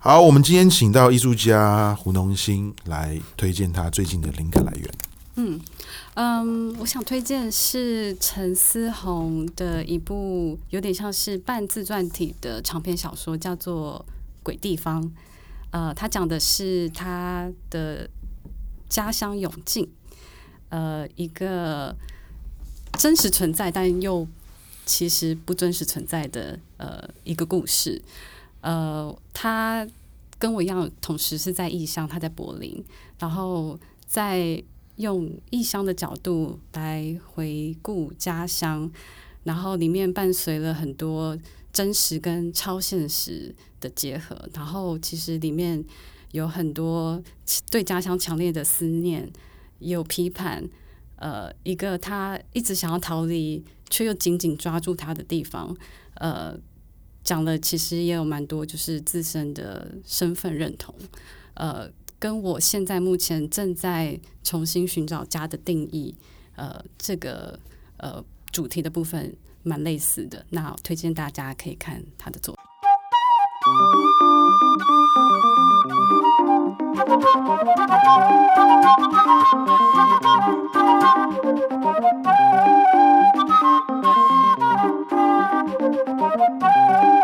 好，我們今天請到藝術家胡農欣來推薦他最近的靈感來源。嗯嗯，我想推薦是陳思宏的一部有點像是半自傳體的長篇小說，叫做《鬼地方》。呃，他講的是他的家鄉永靖，呃，一個真實存在但又其實不真實存在的呃一個故事。呃，他跟我一樣，同時是在異鄉，他在柏林，然後在。用異鄉的角度來回顧家鄉，然後裡面伴隨了很多真實跟超現實的結合，然後其實裡面有很多對家鄉強烈的思念，有批判，呃，一個他一直想要逃離卻又緊緊抓住他的地方，呃，講了其實也有蠻多就是自身的身份認同，呃。跟我現在目前正在重新尋找家的定義，呃，這個呃主題的部分蠻類似的，那推薦大家可以看他的作品。